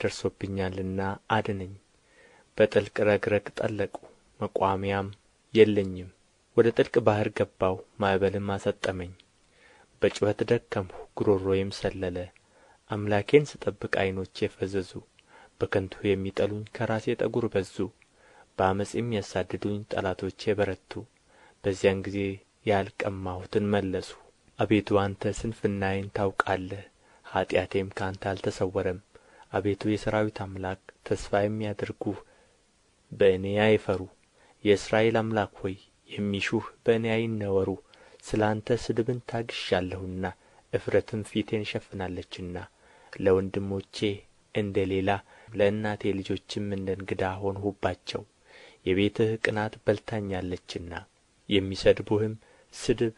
ደርሶብኛልና አድነኝ በጥልቅ ረግረግ ጠለቁ መቋሚያም የለኝም ወደ ጥልቅ ባሕር ገባሁ ማዕበልም አሰጠመኝ በጩኸት ደከምሁ ጉሮሮዬም ሰለለ አምላኬን ስጠብቅ ዐይኖቼ ፈዘዙ በከንቱ የሚጠሉኝ ከራሴ ጠጉር በዙ በአመፅ የሚያሳድዱኝ ጠላቶቼ በረቱ በዚያን ጊዜ ያልቀማሁትን መለሱ አቤቱ አንተ ስንፍናዬን ታውቃለህ ኀጢአቴም ከአንተ አልተሰወረም አቤቱ የሠራዊት አምላክ ተስፋ የሚያደርጉህ በእኔ አይፈሩ የእስራኤል አምላክ ሆይ የሚሹህ በእኔ አይነወሩ ስለ አንተ ስድብን ታግሻለሁና እፍረትም ፊቴን ሸፍናለችና ለወንድሞቼ እንደ ሌላ ለእናቴ ልጆችም እንደ እንግዳ ሆንሁባቸው የቤትህ ቅናት በልታኛለችና የሚሰድቡህም ስድብ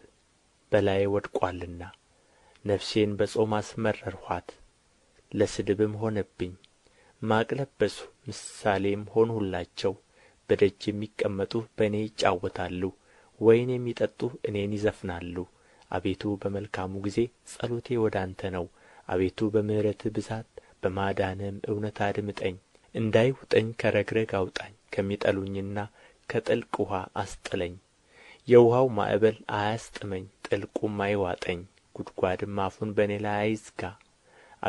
በላዬ ወድቋልና ነፍሴን በጾም አስመረርኋት ለስድብም ሆነብኝ ማቅ ለበስሁ ምሳሌም ሆንሁላቸው በደጅ የሚቀመጡ በእኔ ይጫወታሉ ወይን የሚጠጡ እኔን ይዘፍናሉ አቤቱ በመልካሙ ጊዜ ጸሎቴ ወደ አንተ ነው አቤቱ በምሕረትህ ብዛት በማዳንህም እውነት አድምጠኝ እንዳይውጠኝ ከረግረግ አውጣኝ ከሚጠሉኝና ከጥልቅ ውኃ አስጥለኝ የውኃው ማዕበል አያስጥመኝ ጥልቁም አይዋጠኝ ጉድጓድም አፉን በእኔ ላይ አይዝጋ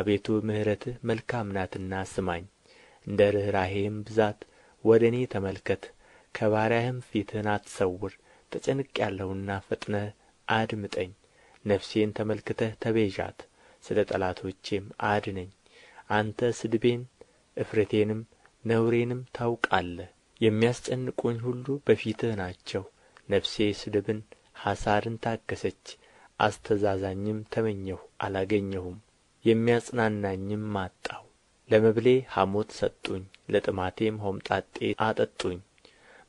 አቤቱ ምሕረትህ መልካም ናትና ስማኝ እንደ ርኅራሄህም ብዛት ወደ እኔ ተመልከት ከባሪያህም ፊትህን አትሰውር ተጨንቅ ያለውና ፈጥነህ አድምጠኝ ነፍሴን ተመልክተህ ተቤዣት ስለ ጠላቶቼም አድነኝ አንተ ስድቤን እፍረቴንም ነውሬንም ታውቃለህ የሚያስጨንቁኝ ሁሉ በፊትህ ናቸው ነፍሴ ስድብን ሐሣርን ታገሰች፣ አስተዛዛኝም ተመኘሁ አላገኘሁም የሚያጽናናኝም አጣሁ ለመብሌ ሐሞት ሰጡኝ ለጥማቴም ሆምጣጤ አጠጡኝ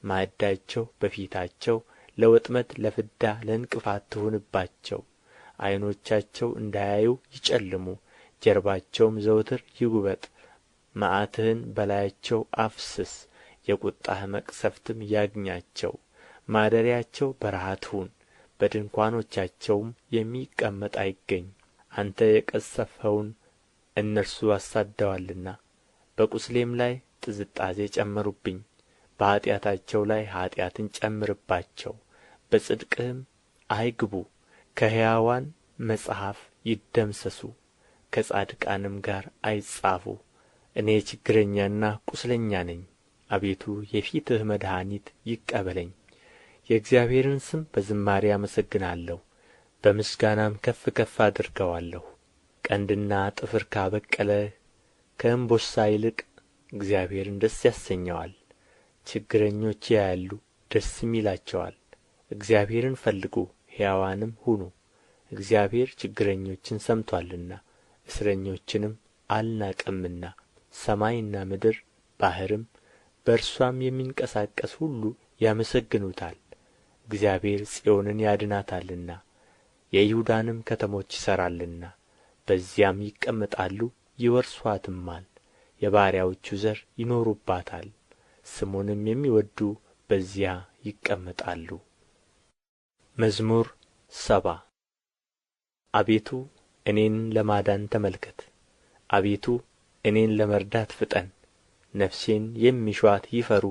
ማዕዳቸው በፊታቸው ለወጥመድ ለፍዳ ለእንቅፋት ትሁንባቸው ዐይኖቻቸው እንዳያዩ ይጨልሙ ጀርባቸውም ዘውትር ይጉበጥ መዓትህን በላያቸው አፍስስ የቁጣህ መቅሰፍትም ያግኛቸው ማደሪያቸው በረሃ ትሁን በድንኳኖቻቸውም የሚቀመጥ አይገኝ አንተ የቀሰፈውን እነርሱ አሳደዋልና በቁስሌም ላይ ጥዝጣዜ ጨመሩብኝ በኃጢአታቸው ላይ ኃጢአትን ጨምርባቸው በጽድቅህም አይግቡ ከሕያዋን መጽሐፍ ይደምሰሱ ከጻድቃንም ጋር አይጻፉ እኔ ችግረኛና ቁስለኛ ነኝ አቤቱ የፊትህ መድኃኒት ይቀበለኝ የእግዚአብሔርን ስም በዝማሬ አመሰግናለሁ በምስጋናም ከፍ ከፍ አድርገዋለሁ ቀንድና ጥፍር ካበቀለ ከእምቦሳ ይልቅ እግዚአብሔርን ደስ ያሰኘዋል ችግረኞች ያያሉ ደስም ይላቸዋል እግዚአብሔርን ፈልጉ ሕያዋንም ሁኑ እግዚአብሔር ችግረኞችን ሰምቶአልና እስረኞችንም አልናቀምና ሰማይና ምድር ባሕርም በእርሷም የሚንቀሳቀስ ሁሉ ያመሰግኑታል እግዚአብሔር ጽዮንን ያድናታልና የይሁዳንም ከተሞች ይሠራልና በዚያም ይቀመጣሉ ይወርሱአትማል የባሪያዎቹ ዘር ይኖሩባታል ስሙንም የሚወዱ በዚያ ይቀመጣሉ መዝሙር ሰባ አቤቱ እኔን ለማዳን ተመልከት አቤቱ እኔን ለመርዳት ፍጠን ነፍሴን የሚሿት ይፈሩ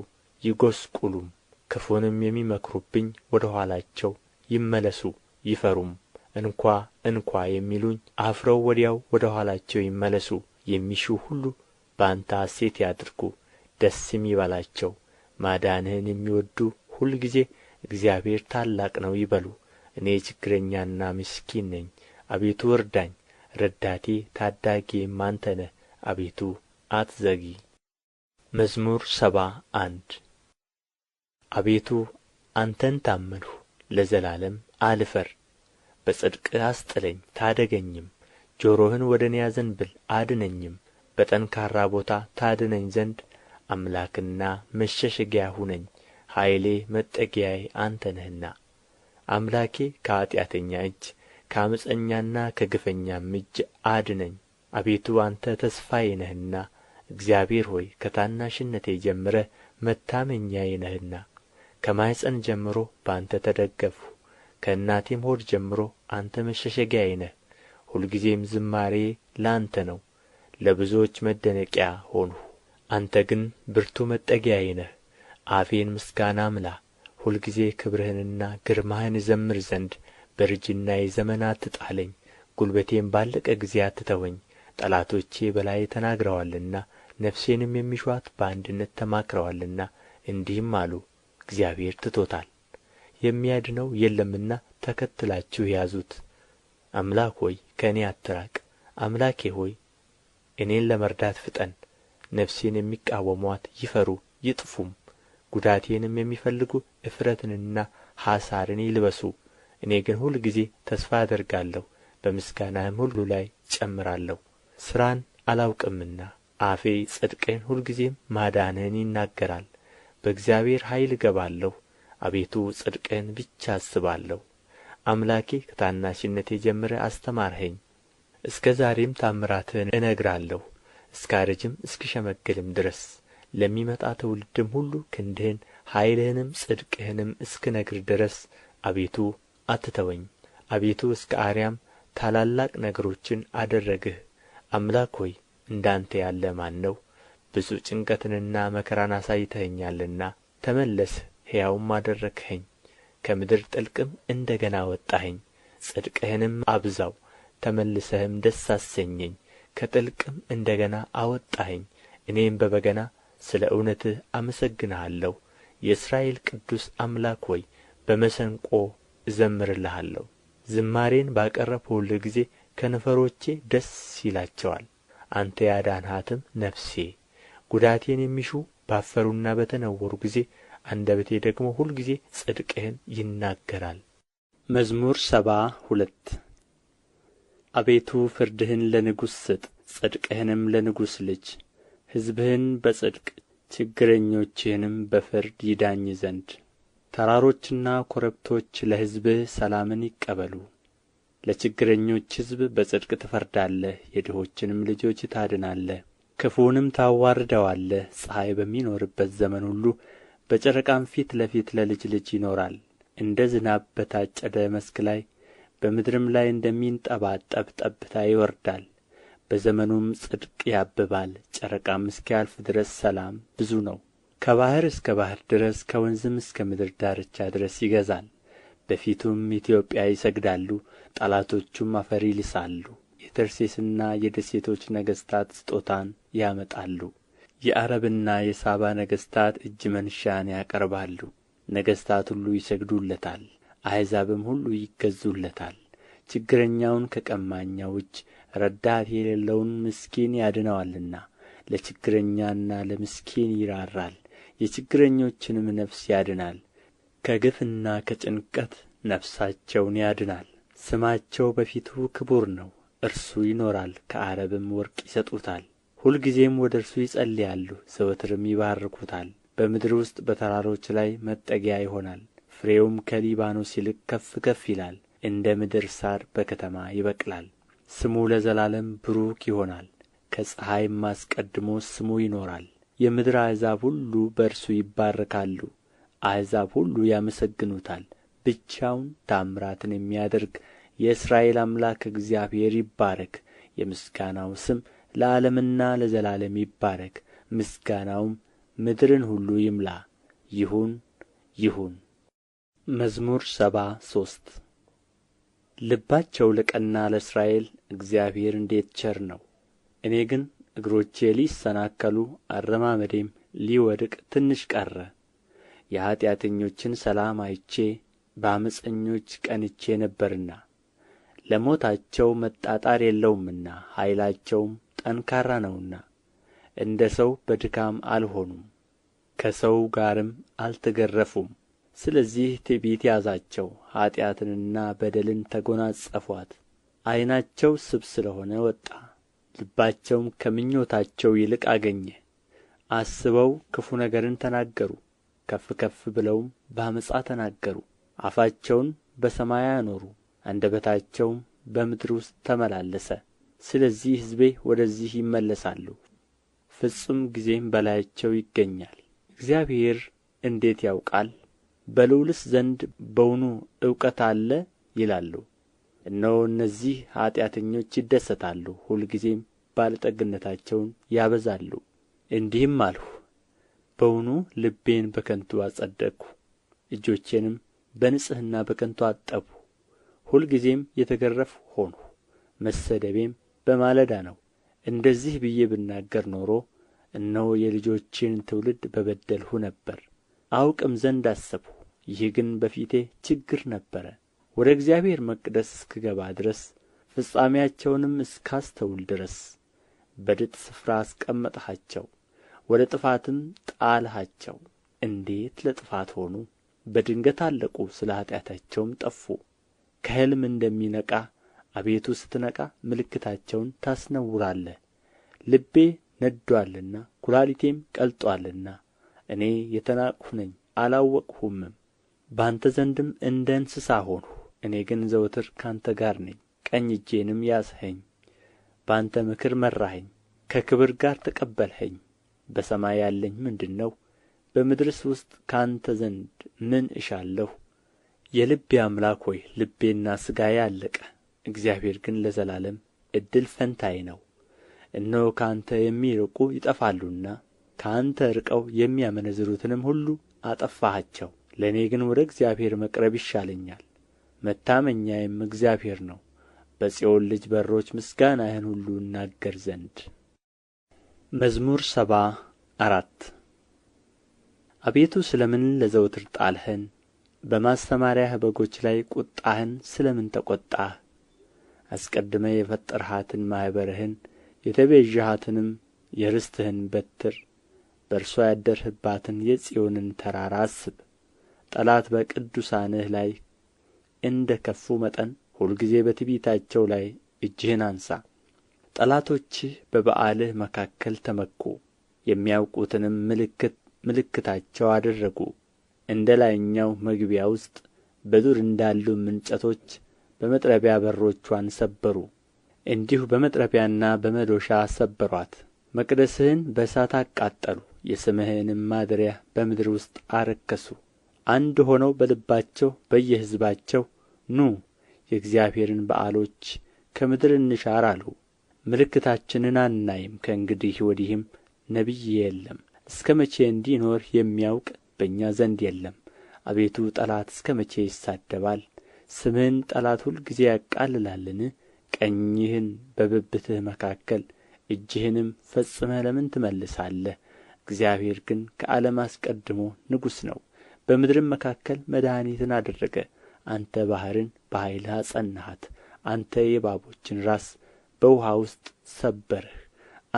ይጐስቁሉም ክፉንም የሚመክሩብኝ ወደ ኋላቸው ይመለሱ ይፈሩም እንኳ እንኳ የሚሉኝ አፍረው ወዲያው ወደ ኋላቸው ይመለሱ የሚሹ ሁሉ በአንተ ሐሴት ያድርጉ ደስም ይበላቸው ማዳንህን የሚወዱ ሁልጊዜ እግዚአብሔር ታላቅ ነው ይበሉ እኔ ችግረኛና ምስኪን ነኝ አቤቱ እርዳኝ ረዳቴ ታዳጊዬም አንተ ነህ አቤቱ አትዘጊ መዝሙር ሰባ አንድ አቤቱ አንተን ታመንሁ ለዘላለም አልፈር በጽድቅህ አስጥለኝ ታደገኝም ጆሮህን ወደ እኔ አዘንብል አድነኝም በጠንካራ ቦታ ታድነኝ ዘንድ አምላክና መሸሸጊያ ሁነኝ ኃይሌ መጠጊያዬ አንተ ነህና አምላኬ ከኀጢአተኛ እጅ ከአመፀኛና ከግፈኛም እጅ አድነኝ አቤቱ አንተ ተስፋዬ ነህና እግዚአብሔር ሆይ ከታናሽነቴ ጀምረህ መታመኛዬ ነህና ከማኅፀን ጀምሮ በአንተ ተደገፍሁ ከእናቴም ሆድ ጀምሮ አንተ መሸሸጊያዬ ነህ ሁልጊዜም ዝማሬ ለአንተ ነው ለብዙዎች መደነቂያ ሆንሁ አንተ ግን ብርቱ መጠጊያዬ ነህ አፌን ምስጋና ምላ ሁልጊዜ ክብርህንና ግርማህን እዘምር ዘንድ በርጅና ዘመን አትጣለኝ ጉልበቴም ባለቀ ጊዜ አትተወኝ ጠላቶቼ በላይ ተናግረዋልና ነፍሴንም የሚሹአት በአንድነት ተማክረዋልና እንዲህም አሉ እግዚአብሔር ትቶታል የሚያድነው የለምና ተከትላችሁ ያዙት አምላክ ሆይ ከእኔ አትራቅ አምላኬ ሆይ እኔን ለመርዳት ፍጠን ነፍሴን የሚቃወሟት ይፈሩ ይጥፉም ጉዳቴንም የሚፈልጉ እፍረትንና ሐሳርን ይልበሱ እኔ ግን ሁልጊዜ ተስፋ አደርጋለሁ በምስጋናህም ሁሉ ላይ ጨምራለሁ ሥራን አላውቅምና አፌ ጽድቅህን ሁልጊዜም ማዳንህን ይናገራል በእግዚአብሔር ኃይል እገባለሁ አቤቱ ጽድቅህን ብቻ አስባለሁ አምላኬ ከታናሽነቴ ጀምረህ አስተማርኸኝ እስከ ዛሬም ታምራትህን እነግራለሁ እስካረጅም እስክሸመግልም ድረስ ለሚመጣ ትውልድም ሁሉ ክንድህን ኃይልህንም ጽድቅህንም እስክነግር ድረስ አቤቱ አትተወኝ አቤቱ እስከ አርያም ታላላቅ ነገሮችን አደረግህ አምላክ ሆይ እንዳንተ ያለ ማን ነው ብዙ ጭንቀትንና መከራን አሳይተኸኛልና ተመለስህ ሕያውም አደረግኸኝ ከምድር ጥልቅም እንደ ገና ወጣኸኝ። ጽድቅህንም አብዛው ተመልሰህም ደስ አሰኘኝ ከጥልቅም እንደ ገና አወጣኸኝ እኔም በበገና ስለ እውነትህ አመሰግንሃለሁ የእስራኤል ቅዱስ አምላክ ሆይ በመሰንቆ እዘምርልሃለሁ ዝማሬን ባቀረብሁልህ ጊዜ ከንፈሮቼ ደስ ይላቸዋል አንተ ያዳንሃትም ነፍሴ ጉዳቴን የሚሹ ባፈሩና በተነወሩ ጊዜ አንደበቴ ደግሞ ሁልጊዜ ጽድቅህን ይናገራል። መዝሙር ሰባ ሁለት አቤቱ ፍርድህን ለንጉሥ ስጥ፣ ጽድቅህንም ለንጉሥ ልጅ። ሕዝብህን በጽድቅ ችግረኞችህንም በፍርድ ይዳኝ ዘንድ ተራሮችና ኮረብቶች ለሕዝብህ ሰላምን ይቀበሉ። ለችግረኞች ሕዝብ በጽድቅ ትፈርዳለህ፣ የድሆችንም ልጆች ታድናለህ። ክፉውንም ታዋርደዋለህ። ፀሐይ በሚኖርበት ዘመን ሁሉ በጨረቃም ፊት ለፊት ለልጅ ልጅ ይኖራል እንደ ዝናብ በታጨደ መስክ ላይ በምድርም ላይ እንደሚንጠባጠብ ጠብታ ይወርዳል በዘመኑም ጽድቅ ያብባል ጨረቃም እስኪያልፍ ድረስ ሰላም ብዙ ነው ከባሕር እስከ ባሕር ድረስ ከወንዝም እስከ ምድር ዳርቻ ድረስ ይገዛል በፊቱም ኢትዮጵያ ይሰግዳሉ ጠላቶቹም አፈር ይልሳሉ የተርሴስና የደሴቶች ነገሥታት ስጦታን ያመጣሉ የዓረብና የሳባ ነገሥታት እጅ መንሻን ያቀርባሉ ነገሥታት ሁሉ ይሰግዱለታል አሕዛብም ሁሉ ይገዙለታል ችግረኛውን ከቀማኛው እጅ ረዳት የሌለውን ምስኪን ያድነዋልና ለችግረኛና ለምስኪን ይራራል የችግረኞችንም ነፍስ ያድናል ከግፍና ከጭንቀት ነፍሳቸውን ያድናል ስማቸው በፊቱ ክቡር ነው እርሱ ይኖራል ከዓረብም ወርቅ ይሰጡታል ሁልጊዜም ወደ እርሱ ይጸልያሉ ዘወትርም ይባርኩታል በምድር ውስጥ በተራሮች ላይ መጠጊያ ይሆናል ፍሬውም ከሊባኖስ ይልቅ ከፍ ከፍ ይላል እንደ ምድር ሣር በከተማ ይበቅላል ስሙ ለዘላለም ብሩክ ይሆናል ከፀሐይም አስቀድሞ ስሙ ይኖራል የምድር አሕዛብ ሁሉ በእርሱ ይባረካሉ አሕዛብ ሁሉ ያመሰግኑታል ብቻውን ታምራትን የሚያደርግ የእስራኤል አምላክ እግዚአብሔር ይባረክ የምስጋናው ስም ለዓለምና ለዘላለም ይባረክ ምስጋናውም ምድርን ሁሉ ይምላ ይሁን ይሁን መዝሙር ሰባ ሶስት ልባቸው ለቀና ለእስራኤል እግዚአብሔር እንዴት ቸር ነው እኔ ግን እግሮቼ ሊሰናከሉ አረማመዴም ሊወድቅ ትንሽ ቀረ የኀጢአተኞችን ሰላም አይቼ በአመፀኞች ቀንቼ ነበርና ለሞታቸው መጣጣር የለውምና ኃይላቸውም ጠንካራ ነውና እንደ ሰው በድካም አልሆኑም ከሰው ጋርም አልተገረፉም ስለዚህ ትዕቢት ያዛቸው ኃጢአትንና በደልን ተጐናጸፉአት ዓይናቸው ስብ ስለ ሆነ ወጣ ልባቸውም ከምኞታቸው ይልቅ አገኘ አስበው ክፉ ነገርን ተናገሩ ከፍ ከፍ ብለውም በአመፃ ተናገሩ አፋቸውን በሰማይ አኖሩ አንደበታቸውም በምድር ውስጥ ተመላለሰ ስለዚህ ሕዝቤ ወደዚህ ይመለሳሉ ፍጹም ጊዜም በላያቸው ይገኛል እግዚአብሔር እንዴት ያውቃል በልዑልስ ዘንድ በውኑ እውቀት አለ ይላሉ እነሆ እነዚህ ኀጢአተኞች ይደሰታሉ ሁልጊዜም ባለጠግነታቸውን ያበዛሉ እንዲህም አልሁ በውኑ ልቤን በከንቱ አጸደቅሁ እጆቼንም በንጽሕና በከንቱ አጠብሁ ሁልጊዜም የተገረፍ ሆንሁ መሰደቤም በማለዳ ነው እንደዚህ ብዬ ብናገር ኖሮ እነሆ የልጆችን ትውልድ በበደልሁ ነበር አውቅም ዘንድ አሰብሁ ይህ ግን በፊቴ ችግር ነበረ ወደ እግዚአብሔር መቅደስ እስክገባ ድረስ ፍጻሜያቸውንም እስካስተውል ድረስ በድጥ ስፍራ አስቀመጥሃቸው ወደ ጥፋትም ጣልሃቸው እንዴት ለጥፋት ሆኑ በድንገት አለቁ ስለ ኃጢአታቸውም ጠፉ ከሕልም እንደሚነቃ አቤቱ ስትነቃ ምልክታቸውን ታስነውራለህ ልቤ ነድዶአልና ኵላሊቴም ቀልጦአልና እኔ የተናቅሁ ነኝ አላወቅሁምም በአንተ ዘንድም እንደ እንስሳ ሆንሁ እኔ ግን ዘወትር ካንተ ጋር ነኝ ቀኝ እጄንም ያዝኸኝ በአንተ ምክር መራኸኝ ከክብር ጋር ተቀበልኸኝ በሰማይ ያለኝ ምንድን ነው በምድርስ ውስጥ ካንተ ዘንድ ምን እሻለሁ የልቤ አምላክ ሆይ ልቤና ሥጋዬ አለቀ እግዚአብሔር ግን ለዘላለም እድል ፈንታዬ ነው እነሆ ከአንተ የሚርቁ ይጠፋሉና ከአንተ ርቀው የሚያመነዝሩትንም ሁሉ አጠፋሃቸው ለእኔ ግን ወደ እግዚአብሔር መቅረብ ይሻለኛል መታመኛዬም እግዚአብሔር ነው በጽዮን ልጅ በሮች ምስጋናህን ሁሉ እናገር ዘንድ መዝሙር ሰባ አራት አቤቱ ስለ ምን ለዘወትር ጣልኸን በማሰማርያህ በጎች ላይ ቍጣህን ስለ ምን ተቈጣህ አስቀድመህ የፈጠርሃትን ማኅበርህን የተቤዥሃትንም የርስትህን በትር በእርሷ ያደርህባትን የጽዮንን ተራራ አስብ ጠላት በቅዱሳንህ ላይ እንደ ከፉ መጠን ሁልጊዜ በትቢታቸው ላይ እጅህን አንሣ ጠላቶችህ በበዓልህ መካከል ተመኩ የሚያውቁትንም ምልክት ምልክታቸው አደረጉ እንደ ላይኛው መግቢያ ውስጥ በዱር እንዳሉ እንጨቶች በመጥረቢያ በሮቿን ሰበሩ እንዲሁ በመጥረቢያና በመዶሻ ሰበሩአት መቅደስህን በእሳት አቃጠሉ የስምህንም ማደሪያ በምድር ውስጥ አረከሱ አንድ ሆነው በልባቸው በየሕዝባቸው ኑ የእግዚአብሔርን በዓሎች ከምድር እንሻር አሉ ምልክታችንን አናይም ከእንግዲህ ወዲህም ነቢይ የለም እስከ መቼ እንዲኖር የሚያውቅ በእኛ ዘንድ የለም አቤቱ ጠላት እስከ መቼ ይሳደባል ስምህን ጠላት ሁልጊዜ ያቃልላልን ቀኝህን በብብትህ መካከል እጅህንም ፈጽመህ ለምን ትመልሳለህ እግዚአብሔር ግን ከዓለም አስቀድሞ ንጉሥ ነው በምድርም መካከል መድኃኒትን አደረገ አንተ ባሕርን በኃይልህ አጸናሃት አንተ የእባቦችን ራስ በውኃ ውስጥ ሰበርህ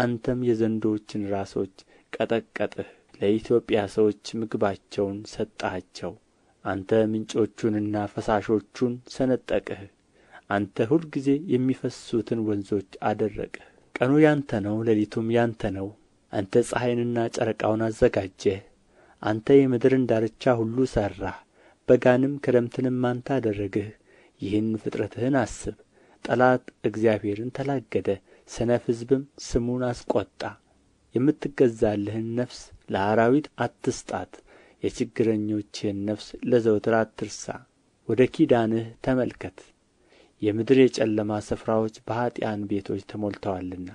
አንተም የዘንዶችን ራሶች ቀጠቀጥህ ለኢትዮጵያ ሰዎች ምግባቸውን ሰጠሃቸው አንተ ምንጮቹንና ፈሳሾቹን ሰነጠቅህ አንተ ሁልጊዜ የሚፈስሱትን ወንዞች አደረቅህ ቀኑ ያንተ ነው ሌሊቱም ያንተ ነው አንተ ፀሐይንና ጨረቃውን አዘጋጀህ አንተ የምድርን ዳርቻ ሁሉ ሠራህ በጋንም ክረምትንም አንተ አደረግህ ይህን ፍጥረትህን አስብ ጠላት እግዚአብሔርን ተላገደ ሰነፍ ሕዝብም ስሙን አስቈጣ የምትገዛልህን ነፍስ ለአራዊት አትስጣት የችግረኞችህን ነፍስ ለዘወትር አትርሳ ወደ ኪዳንህ ተመልከት የምድር የጨለማ ስፍራዎች በኃጥኣን ቤቶች ተሞልተዋልና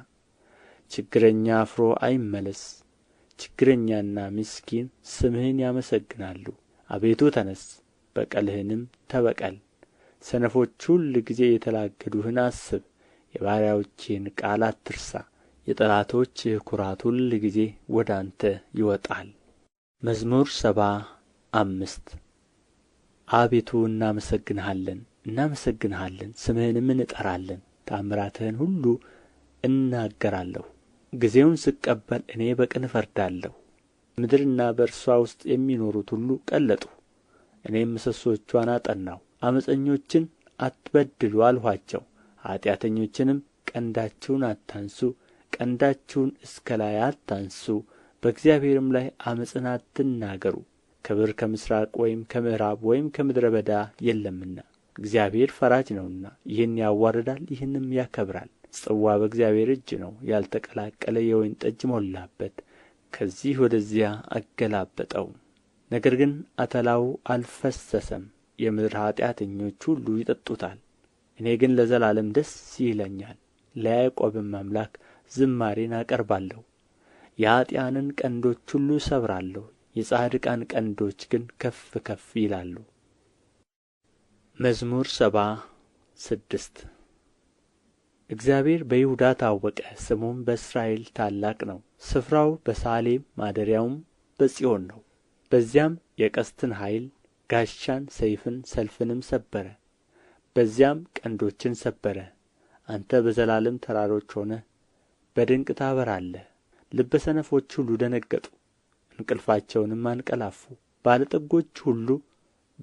ችግረኛ አፍሮ አይመለስ ችግረኛና ምስኪን ስምህን ያመሰግናሉ አቤቱ ተነሥ በቀልህንም ተበቀል ሰነፎች ሁልጊዜ የተላገዱህን አስብ የባሪያዎችህን ቃል አትርሳ የጠላቶችህ ኩራት ሁልጊዜ ወደ አንተ ይወጣል መዝሙር ሰባ አምስት አቤቱ እናመሰግንሃለን እናመሰግንሃለን ስምህንም እንጠራለን ተአምራትህን ሁሉ እናገራለሁ ጊዜውን ስቀበል እኔ በቅን እፈርዳለሁ ምድርና በእርሷ ውስጥ የሚኖሩት ሁሉ ቀለጡ እኔም ምሰሶቿን አጠናሁ ዓመፀኞችን አትበድሉ አልኋቸው ኀጢአተኞችንም ቀንዳችሁን አታንሱ ቀንዳችሁን እስከ ላይ አታንሱ በእግዚአብሔርም ላይ ዓመፅን አትናገሩ ክብር ከምሥራቅ ወይም ከምዕራብ ወይም ከምድረ በዳ የለምና እግዚአብሔር ፈራጅ ነውና ይህን ያዋርዳል ይህንም ያከብራል ጽዋ በእግዚአብሔር እጅ ነው ያልተቀላቀለ የወይን ጠጅ ሞላበት ከዚህ ወደዚያ አገላበጠው ነገር ግን አተላው አልፈሰሰም የምድር ኃጢአተኞች ሁሉ ይጠጡታል እኔ ግን ለዘላለም ደስ ይለኛል ለያዕቆብም አምላክ ዝማሬን አቀርባለሁ የኃጥኣንን ቀንዶች ሁሉ እሰብራለሁ የጻድቃን ቀንዶች ግን ከፍ ከፍ ይላሉ መዝሙር ሰባ ስድስት እግዚአብሔር በይሁዳ ታወቀ ስሙም በእስራኤል ታላቅ ነው ስፍራው በሳሌም ማደሪያውም በጽዮን ነው በዚያም የቀስትን ኃይል ጋሻን ሰይፍን ሰልፍንም ሰበረ በዚያም ቀንዶችን ሰበረ አንተ በዘላለም ተራሮች ሆነህ በድንቅ ታበራለህ ልበ ሰነፎች ሁሉ ደነገጡ እንቅልፋቸውንም አንቀላፉ ባለጠጎች ሁሉ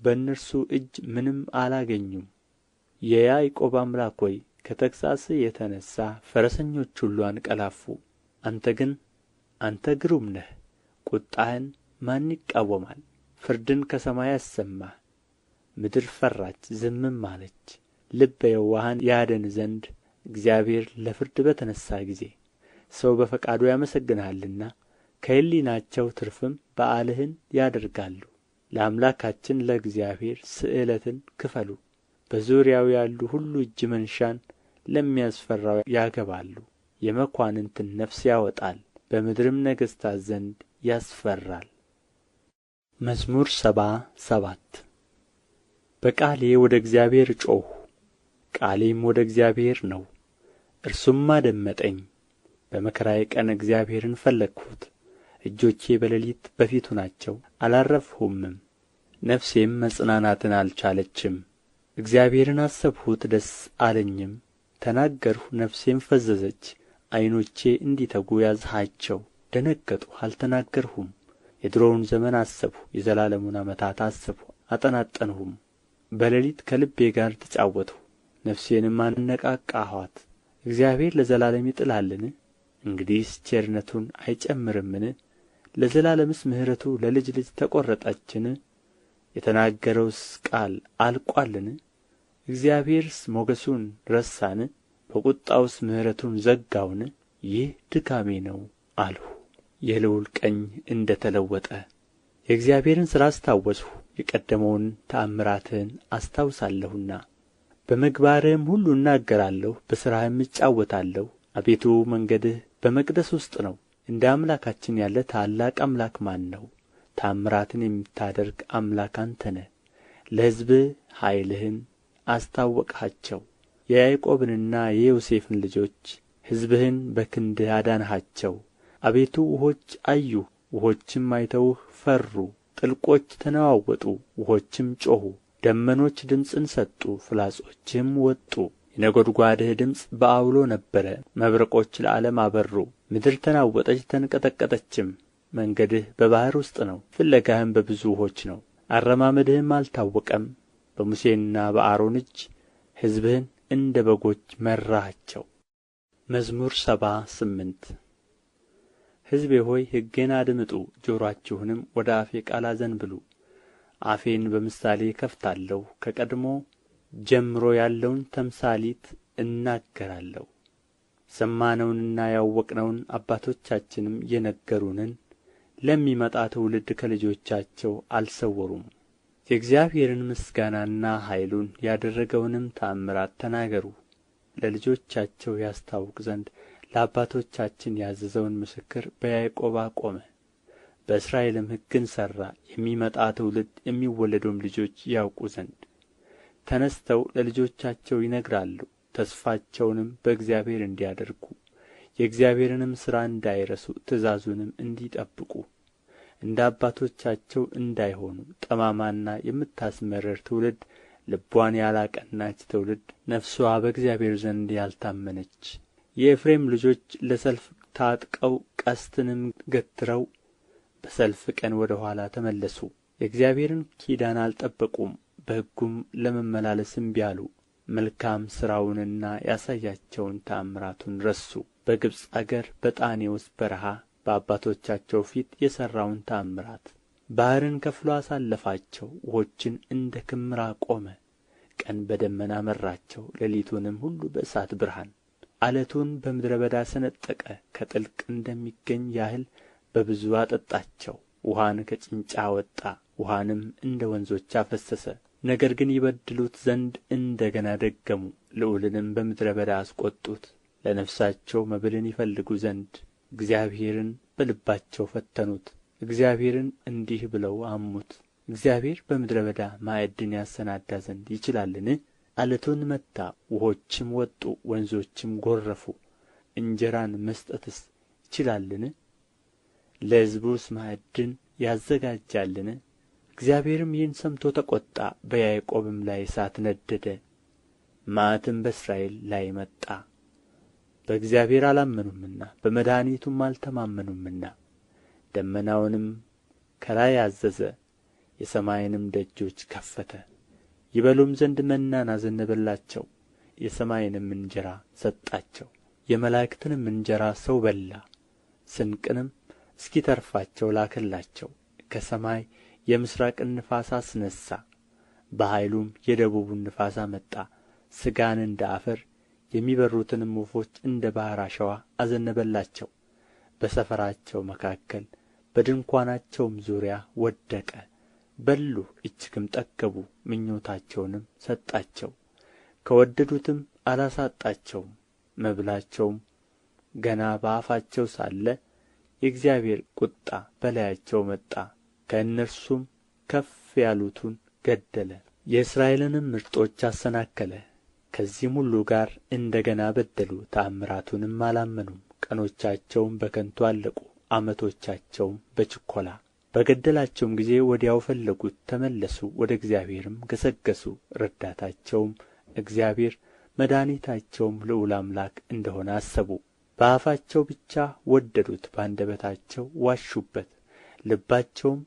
በእነርሱ እጅ ምንም አላገኙም የያዕቆብ አምላክ ሆይ ከተግሣጽህ የተነሣ ፈረሰኞች ሁሉ አንቀላፉ አንተ ግን አንተ ግሩም ነህ ቁጣህን ማን ይቃወማል ፍርድን ከሰማይ አሰማህ ምድር ፈራች ዝምም አለች ልበ የዋሃን ያድን ዘንድ እግዚአብሔር ለፍርድ በተነሣ ጊዜ ሰው በፈቃዱ ያመሰግንሃልና ከሕሊናቸው ትርፍም በዓልህን ያደርጋሉ ለአምላካችን ለእግዚአብሔር ስእለትን ክፈሉ በዙሪያው ያሉ ሁሉ እጅ መንሻን ለሚያስፈራው ያገባሉ የመኳንንትን ነፍስ ያወጣል በምድርም ነገሥታት ዘንድ ያስፈራል መዝሙር ሰባ ሰባት በቃሌ ወደ እግዚአብሔር ጮኽሁ ቃሌም ወደ እግዚአብሔር ነው እርሱም አደመጠኝ በመከራዬ ቀን እግዚአብሔርን ፈለግሁት እጆቼ በሌሊት በፊቱ ናቸው አላረፍሁምም ነፍሴም መጽናናትን አልቻለችም እግዚአብሔርን አሰብሁት ደስ አለኝም ተናገርሁ ነፍሴም ፈዘዘች ዐይኖቼ እንዲተጉ ያዝሃቸው ደነገጡ አልተናገርሁም የድሮውን ዘመን አሰብሁ የዘላለሙን ዓመታት አሰብሁ አጠናጠንሁም በሌሊት ከልቤ ጋር ተጫወትሁ ነፍሴንም አነቃቃኋት እግዚአብሔር ለዘላለም ይጥላልን እንግዲህስ ቸርነቱን አይጨምርምን ለዘላለምስ ምሕረቱ ለልጅ ልጅ ተቈረጠችን የተናገረውስ ቃል አልቋልን እግዚአብሔርስ ሞገሱን ረሳን በቁጣውስ ምሕረቱን ዘጋውን ይህ ድካሜ ነው አልሁ የልዑል ቀኝ እንደ ተለወጠ የእግዚአብሔርን ሥራ አስታወስሁ የቀደመውን ተአምራትህን አስታውሳለሁና በምግባርህም ሁሉ እናገራለሁ በሥራህም እጫወታለሁ አቤቱ መንገድህ በመቅደስ ውስጥ ነው እንደ አምላካችን ያለ ታላቅ አምላክ ማን ነው ታምራትን የምታደርግ አምላክ አንተ ነህ ለሕዝብህ ኃይልህን አስታወቅሃቸው የያዕቆብንና የዮሴፍን ልጆች ሕዝብህን በክንድህ አዳንሃቸው አቤቱ ውሆች አዩ ውሆችም አይተውህ ፈሩ ጥልቆች ተነዋወጡ ውሆችም ጮኹ ደመኖች ድምፅን ሰጡ ፍላጾችህም ወጡ የነጐድጓድህ ድምፅ በዐውሎ ነበረ መብረቆች ለዓለም አበሩ ምድር ተናወጠች ተንቀጠቀጠችም መንገድህ በባሕር ውስጥ ነው ፍለጋህም በብዙ ውኆች ነው አረማመድህም አልታወቀም በሙሴና በአሮን እጅ ሕዝብህን እንደ በጎች መራሃቸው መዝሙር ሰባ ስምንት ሕዝቤ ሆይ ሕጌን አድምጡ ጆሮአችሁንም ወደ አፌ ቃል አዘንብሉ አፌን በምሳሌ ከፍታለሁ፣ ከቀድሞ ጀምሮ ያለውን ተምሳሊት እናገራለሁ ሰማነውንና ያወቅነውን አባቶቻችንም የነገሩንን ለሚመጣ ትውልድ ከልጆቻቸው አልሰወሩም የእግዚአብሔርን ምስጋናና ኃይሉን ያደረገውንም ተአምራት ተናገሩ ለልጆቻቸው ያስታውቅ ዘንድ ለአባቶቻችን ያዘዘውን ምስክር በያዕቆብ አቆመ በእስራኤልም ሕግን ሠራ የሚመጣ ትውልድ የሚወለዱም ልጆች ያውቁ ዘንድ ተነስተው ለልጆቻቸው ይነግራሉ ተስፋቸውንም በእግዚአብሔር እንዲያደርጉ የእግዚአብሔርንም ሥራ እንዳይረሱ ትእዛዙንም እንዲጠብቁ እንደ አባቶቻቸው እንዳይሆኑ ጠማማና የምታስመርር ትውልድ ልቧን ያላቀናች ትውልድ ነፍሷ በእግዚአብሔር ዘንድ ያልታመነች የኤፍሬም ልጆች ለሰልፍ ታጥቀው ቀስትንም ገትረው በሰልፍ ቀን ወደ ኋላ ተመለሱ የእግዚአብሔርን ኪዳን አልጠበቁም በሕጉም ለመመላለስ እምቢ አሉ መልካም ሥራውንና ያሳያቸውን ተአምራቱን ረሱ በግብፅ አገር በጣኔዎስ በረሃ በአባቶቻቸው ፊት የሠራውን ተአምራት ባሕርን ከፍሎ አሳለፋቸው ውኆችን እንደ ክምር አቆመ ቀን በደመና መራቸው ሌሊቱንም ሁሉ በእሳት ብርሃን አለቱን በምድረ በዳ ሰነጠቀ ከጥልቅ እንደሚገኝ ያህል በብዙ አጠጣቸው ውሃን ከጭንጫ አወጣ ውሃንም እንደ ወንዞች አፈሰሰ ነገር ግን ይበድሉት ዘንድ እንደ ገና ደገሙ ልዑልንም በምድረ በዳ አስቈጡት ለነፍሳቸው መብልን ይፈልጉ ዘንድ እግዚአብሔርን በልባቸው ፈተኑት እግዚአብሔርን እንዲህ ብለው አሙት እግዚአብሔር በምድረ በዳ ማዕድን ያሰናዳ ዘንድ ይችላልን አለቱን መታ ውሆችም ወጡ ወንዞችም ጐረፉ እንጀራን መስጠትስ ይችላልን ለሕዝቡስ ማዕድን ያዘጋጃልን እግዚአብሔርም ይህን ሰምቶ ተቈጣ በያዕቆብም ላይ እሳት ነደደ መዓትም በእስራኤል ላይ መጣ በእግዚአብሔር አላመኑምና በመድኃኒቱም አልተማመኑምና ደመናውንም ከላይ አዘዘ የሰማይንም ደጆች ከፈተ ይበሉም ዘንድ መናን አዘነበላቸው የሰማይንም እንጀራ ሰጣቸው የመላእክትንም እንጀራ ሰው በላ ስንቅንም እስኪተርፋቸው ላከላቸው ከሰማይ የምሥራቅን ነፋስ አስነሣ በኃይሉም የደቡቡን ነፋስ አመጣ ሥጋን እንደ አፈር የሚበሩትንም ወፎች እንደ ባሕር አሸዋ አዘነበላቸው በሰፈራቸው መካከል በድንኳናቸውም ዙሪያ ወደቀ በሉ እጅግም ጠገቡ ምኞታቸውንም ሰጣቸው ከወደዱትም አላሳጣቸውም መብላቸውም ገና በአፋቸው ሳለ የእግዚአብሔር ቍጣ በላያቸው መጣ ከእነርሱም ከፍ ያሉቱን ገደለ የእስራኤልንም ምርጦች አሰናከለ ከዚህም ሁሉ ጋር እንደ ገና በደሉ ተአምራቱንም አላመኑም ቀኖቻቸውም በከንቱ አለቁ ዓመቶቻቸውም በችኰላ በገደላቸውም ጊዜ ወዲያው ፈለጉት ተመለሱ ወደ እግዚአብሔርም ገሰገሱ ረዳታቸውም እግዚአብሔር መድኃኒታቸውም ልዑል አምላክ እንደሆነ አሰቡ በአፋቸው ብቻ ወደዱት በአንደበታቸው ዋሹበት ልባቸውም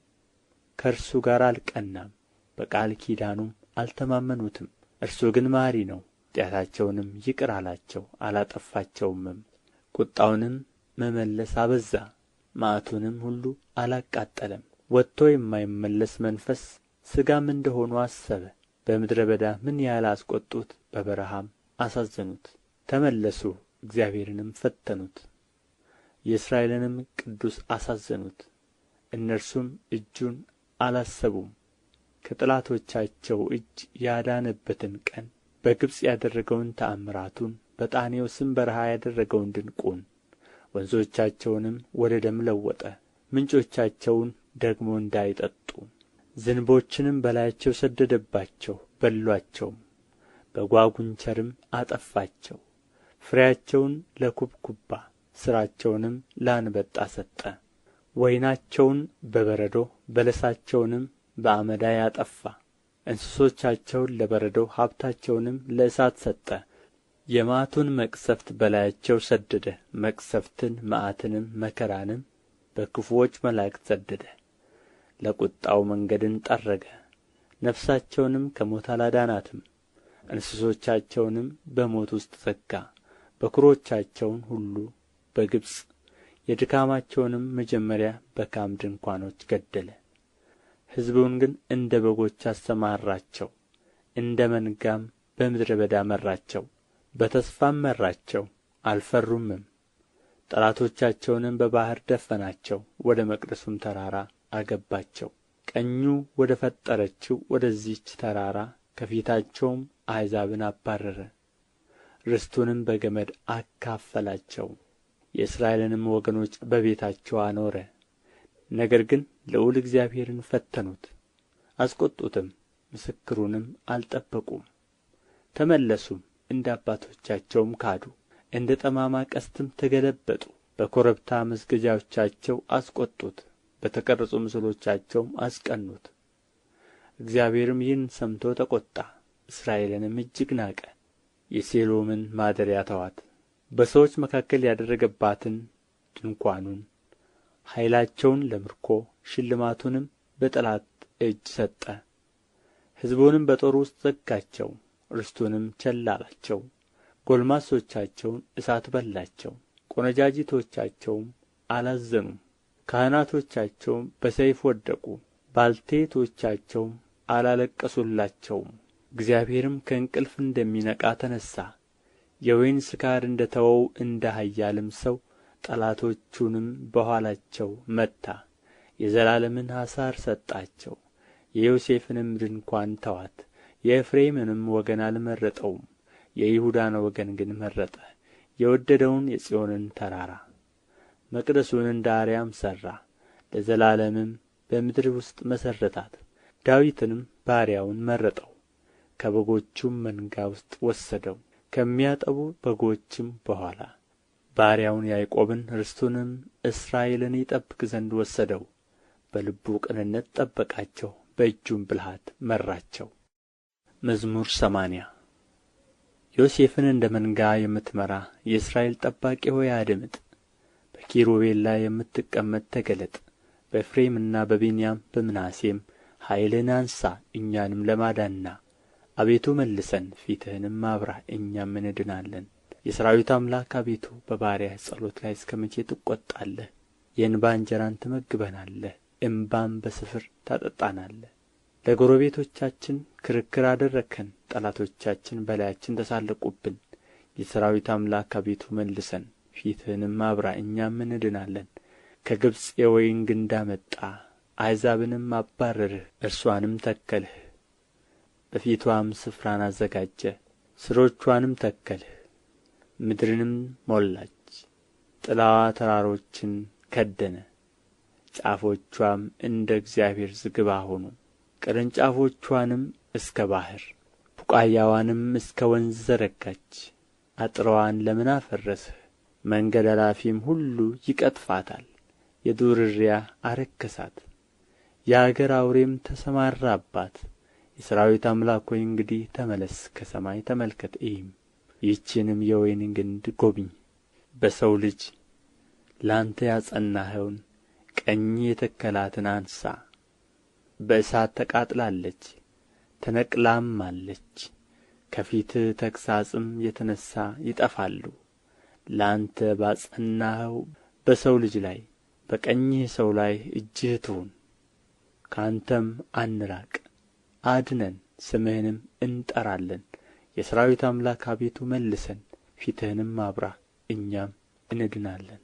ከእርሱ ጋር አልቀናም በቃል ኪዳኑም አልተማመኑትም እርሱ ግን ማሪ ነው ኃጢአታቸውንም ይቅር አላቸው አላጠፋቸውምም ቁጣውንም መመለስ አበዛ መዓቱንም ሁሉ አላቃጠለም ወጥቶ የማይመለስ መንፈስ ሥጋም እንደሆኑ አሰበ በምድረ በዳ ምን ያህል አስቈጡት በበረሃም አሳዘኑት ተመለሱ እግዚአብሔርንም ፈተኑት የእስራኤልንም ቅዱስ አሳዘኑት እነርሱም እጁን አላሰቡም ከጠላቶቻቸው እጅ ያዳነበትን ቀን በግብጽ ያደረገውን ተአምራቱን በጣኔዎስም በረሃ ያደረገውን ድንቁን ወንዞቻቸውንም ወደ ደም ለወጠ ምንጮቻቸውን ደግሞ እንዳይጠጡ ዝንቦችንም በላያቸው ሰደደባቸው በሏቸውም በጓጉንቸርም አጠፋቸው ፍሬያቸውን ለኩብኩባ ሥራቸውንም ለአንበጣ ሰጠ ወይናቸውን በበረዶ በለሳቸውንም በአመዳ ያጠፋ እንስሶቻቸውን ለበረዶ ሀብታቸውንም ለእሳት ሰጠ የማቱን መቅሰፍት በላያቸው ሰደደ መቅሰፍትን፣ መዓትንም መከራንም በክፉዎች መላእክት ሰደደ ለቁጣው መንገድን ጠረገ ነፍሳቸውንም ከሞት አላዳናትም እንስሶቻቸውንም በሞት ውስጥ ዘጋ በኵሮቻቸውን ሁሉ በግብፅ የድካማቸውንም መጀመሪያ በካም ድንኳኖች ገደለ ሕዝቡን ግን እንደ በጎች አሰማራቸው እንደ መንጋም በምድረ በዳ መራቸው በተስፋም መራቸው አልፈሩምም ጠላቶቻቸውንም በባሕር ደፈናቸው ወደ መቅደሱም ተራራ አገባቸው ቀኙ ወደ ፈጠረችው ወደዚች ተራራ ከፊታቸውም አሕዛብን አባረረ ርስቱንም በገመድ አካፈላቸው የእስራኤልንም ወገኖች በቤታቸው አኖረ። ነገር ግን ልዑል እግዚአብሔርን ፈተኑት፣ አስቈጡትም፣ ምስክሩንም አልጠበቁም። ተመለሱም፣ እንደ አባቶቻቸውም ካዱ፣ እንደ ጠማማ ቀስትም ተገለበጡ። በኮረብታ መስገጃዎቻቸው አስቈጡት፣ በተቀረጹ ምስሎቻቸውም አስቀኑት። እግዚአብሔርም ይህን ሰምቶ ተቈጣ፣ እስራኤልንም እጅግ ናቀ። የሴሎምን ማደሪያ ተዋት፣ በሰዎች መካከል ያደረገባትን ድንኳኑን ኃይላቸውን ለምርኮ ሽልማቱንም በጠላት እጅ ሰጠ። ሕዝቡንም በጦር ውስጥ ዘጋቸው፣ ርስቱንም ቸል አላቸው። ጎልማሶቻቸውን እሳት በላቸው፣ ቆነጃጅቶቻቸውም አላዘኑም። ካህናቶቻቸውም በሰይፍ ወደቁ፣ ባልቴቶቻቸውም አላለቀሱላቸውም። እግዚአብሔርም ከእንቅልፍ እንደሚነቃ ተነሣ፣ የወይን ስካር እንደ ተወው እንደ ኃያልም ሰው ጠላቶቹንም በኋላቸው መታ የዘላለምን ኀሣር ሰጣቸው የዮሴፍንም ድንኳን ተዋት የኤፍሬምንም ወገን አልመረጠውም የይሁዳን ወገን ግን መረጠ የወደደውን የጽዮንን ተራራ መቅደሱን እንደ አርያም ሠራ ለዘላለምም በምድር ውስጥ መሠረታት ዳዊትንም ባሪያውን መረጠው ከበጎቹም መንጋ ውስጥ ወሰደው ከሚያጠቡ በጎችም በኋላ ባሪያውን ያዕቆብን ርስቱንም እስራኤልን ይጠብቅ ዘንድ ወሰደው በልቡ ቅንነት ጠበቃቸው በእጁም ብልሃት መራቸው መዝሙር ሰማንያ ዮሴፍን እንደ መንጋ የምትመራ የእስራኤል ጠባቂ ሆይ አድምጥ በኪሩቤል ላይ የምትቀመጥ ተገለጥ በኤፍሬምና በቢንያም በምናሴም ኃይልህን አንሣ እኛንም ለማዳንና አቤቱ መልሰን ፊትህንም አብራ እኛም እንድናለን የሠራዊት አምላክ አቤቱ በባሪያህ ጸሎት ላይ እስከ መቼ ትቈጣለህ የእንባ እንጀራን ትመግበናለህ እምባም በስፍር ታጠጣናለህ ለጎረቤቶቻችን ክርክር አደረግኸን ጠላቶቻችን በላያችን ተሳለቁብን የሠራዊት አምላክ አቤቱ መልሰን ፊትህንም አብራ እኛም እንድናለን ከግብፅ የወይን ግንድ አመጣ፣ አሕዛብንም አባረርህ እርሷንም ተከልህ በፊትዋም ስፍራን አዘጋጀ ሥሮችዋንም ተከልህ ምድርንም ሞላች ጥላዋ ተራሮችን ከደነ ጫፎችዋም እንደ እግዚአብሔር ዝግባ ሆኑ ቅርንጫፎችዋንም እስከ ባሕር ቡቃያዋንም እስከ ወንዝ ዘረጋች አጥሯዋን ለምን አፈረስህ መንገድ አላፊም ሁሉ ይቀጥፋታል የዱር እሪያ አረከሳት የአገር አውሬም ተሰማራባት የሠራዊት አምላክ ሆይ እንግዲህ ተመለስ ከሰማይ ተመልከት እይም ይህችንም የወይን ግንድ ጐብኝ በሰው ልጅ ለአንተ ያጸናኸውን ቀኝ የተከላትን አንሣ በእሳት ተቃጥላለች ተነቅላማለች ከፊትህ ተግሣጽም የተነሣ ይጠፋሉ ለአንተ ባጸናኸው በሰው ልጅ ላይ በቀኝህ ሰው ላይ እጅህ ትሁን ከአንተም አንራቅ አድነን ስምህንም እንጠራለን የሠራዊት አምላክ አቤቱ መልሰን ፊትህንም አብራ እኛም እንድናለን